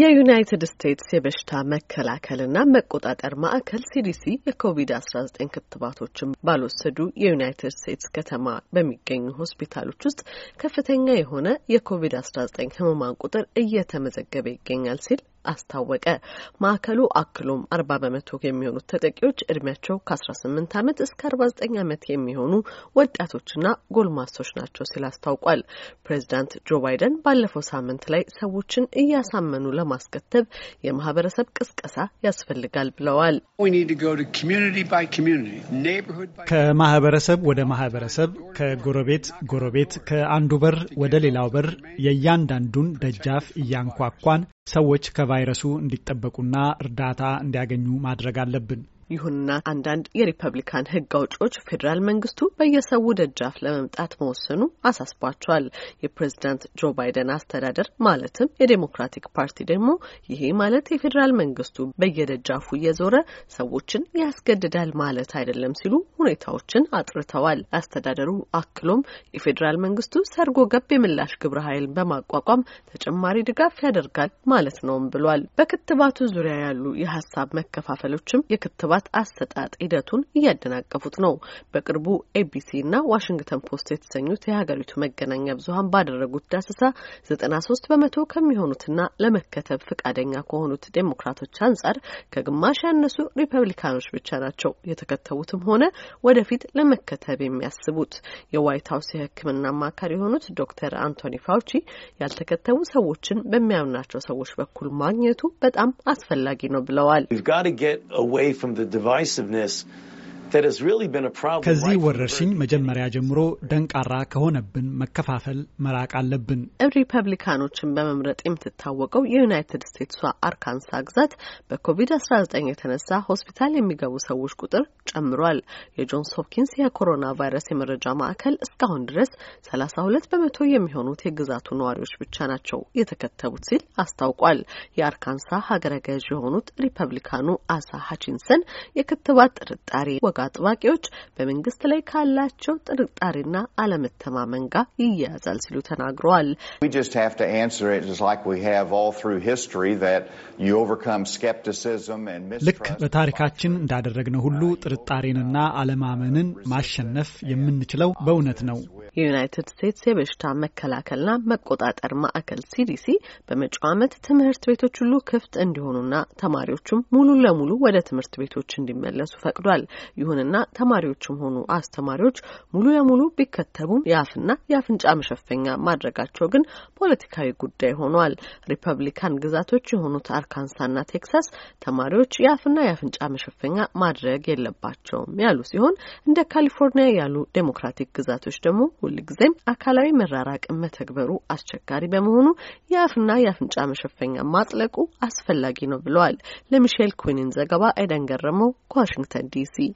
የዩናይትድ ስቴትስ የበሽታ መከላከልና መቆጣጠር ማዕከል ሲዲሲ የኮቪድ-19 ክትባቶችን ባልወሰዱ የዩናይትድ ስቴትስ ከተማ በሚገኙ ሆስፒታሎች ውስጥ ከፍተኛ የሆነ የኮቪድ-19 ህመማን ቁጥር እየተመዘገበ ይገኛል ሲል አስታወቀ። ማዕከሉ አክሎም አርባ በመቶ የሚሆኑት ተጠቂዎች እድሜያቸው ከአስራ ስምንት አመት እስከ አርባ ዘጠኝ አመት የሚሆኑ ወጣቶችና ጎልማሶች ናቸው ሲል አስታውቋል። ፕሬዚዳንት ጆ ባይደን ባለፈው ሳምንት ላይ ሰዎችን እያሳመኑ ለማስከተብ የማህበረሰብ ቅስቀሳ ያስፈልጋል ብለዋል። ከማህበረሰብ ወደ ማህበረሰብ፣ ከጎረቤት ጎረቤት፣ ከአንዱ በር ወደ ሌላው በር የእያንዳንዱን ደጃፍ እያንኳኳን ሰዎች ከቫይረሱ እንዲጠበቁና እርዳታ እንዲያገኙ ማድረግ አለብን። ይሁንና አንዳንድ የሪፐብሊካን ህግ አውጪዎች ፌዴራል መንግስቱ በየሰው ደጃፍ ለመምጣት መወሰኑ አሳስቧቸዋል። የፕሬዚዳንት ጆ ባይደን አስተዳደር ማለትም የዴሞክራቲክ ፓርቲ ደግሞ ይሄ ማለት የፌዴራል መንግስቱ በየደጃፉ እየዞረ ሰዎችን ያስገድዳል ማለት አይደለም ሲሉ ሁኔታዎችን አጥርተዋል። አስተዳደሩ አክሎም የፌዴራል መንግስቱ ሰርጎ ገብ የምላሽ ግብረ ኃይልን በማቋቋም ተጨማሪ ድጋፍ ያደርጋል ማለት ነውም ብሏል። በክትባቱ ዙሪያ ያሉ የሀሳብ መከፋፈሎችም የክትባት የስርዓት አሰጣጥ ሂደቱን እያደናቀፉት ነው። በቅርቡ እና ዋሽንግተን ፖስት የተሰኙት የሀገሪቱ መገናኛ ብዙኃን ባደረጉት ዳሰሳ ዘጠና ሶስት በመቶ ከሚሆኑትና ለመከተብ ፈቃደኛ ከሆኑት ዴሞክራቶች አንጻር ከግማሽ ያነሱ ሪፐብሊካኖች ብቻ ናቸው የተከተቡትም ሆነ ወደፊት ለመከተብ የሚያስቡት። የዋይት ሀውስ የሕክምና አማካሪ የሆኑት ዶክተር አንቶኒ ፋውቺ ያልተከተቡ ሰዎችን በሚያምናቸው ሰዎች በኩል ማግኘቱ በጣም አስፈላጊ ነው ብለዋል። the divisiveness ከዚህ ወረርሽኝ መጀመሪያ ጀምሮ ደንቃራ ከሆነብን መከፋፈል መራቅ አለብን። ሪፐብሊካኖችን በመምረጥ የምትታወቀው የዩናይትድ ስቴትሷ አርካንሳ ግዛት በኮቪድ-19 የተነሳ ሆስፒታል የሚገቡ ሰዎች ቁጥር ጨምሯል። የጆንስ ሆፕኪንስ የኮሮና ቫይረስ የመረጃ ማዕከል እስካሁን ድረስ 32 በመቶ የሚሆኑት የግዛቱ ነዋሪዎች ብቻ ናቸው የተከተቡት ሲል አስታውቋል። የአርካንሳ ሀገረ ገዥ የሆኑት ሪፐብሊካኑ አሳ ሀቺንሰን የክትባት ጥርጣሬ ወጋ አጥባቂዎች በመንግስት ላይ ካላቸው ጥርጣሬና አለመተማመን ጋር ይያያዛል ሲሉ ተናግረዋል። ልክ በታሪካችን እንዳደረግነው ሁሉ ጥርጣሬንና አለማመንን ማሸነፍ የምንችለው በእውነት ነው። የዩናይትድ ስቴትስ የበሽታ መከላከልና መቆጣጠር ማዕከል ሲዲሲ በመጪው ዓመት ትምህርት ቤቶች ሁሉ ክፍት እንዲሆኑና ተማሪዎቹም ሙሉ ለሙሉ ወደ ትምህርት ቤቶች እንዲመለሱ ፈቅዷል። ይሁንና ተማሪዎችም ሆኑ አስተማሪዎች ሙሉ ለሙሉ ቢከተቡም የአፍና የአፍንጫ መሸፈኛ ማድረጋቸው ግን ፖለቲካዊ ጉዳይ ሆኗል። ሪፐብሊካን ግዛቶች የሆኑት አርካንሳና ቴክሳስ ተማሪዎች የአፍና የአፍንጫ መሸፈኛ ማድረግ የለባቸውም ያሉ ሲሆን እንደ ካሊፎርኒያ ያሉ ዴሞክራቲክ ግዛቶች ደግሞ ሁልጊዜም አካላዊ መራራቅን መተግበሩ አስቸጋሪ በመሆኑ የአፍና የአፍንጫ መሸፈኛ ማጥለቁ አስፈላጊ ነው ብለዋል። ለሚሼል ኩዊንን ዘገባ አይደን ገረመው ከዋሽንግተን ዲሲ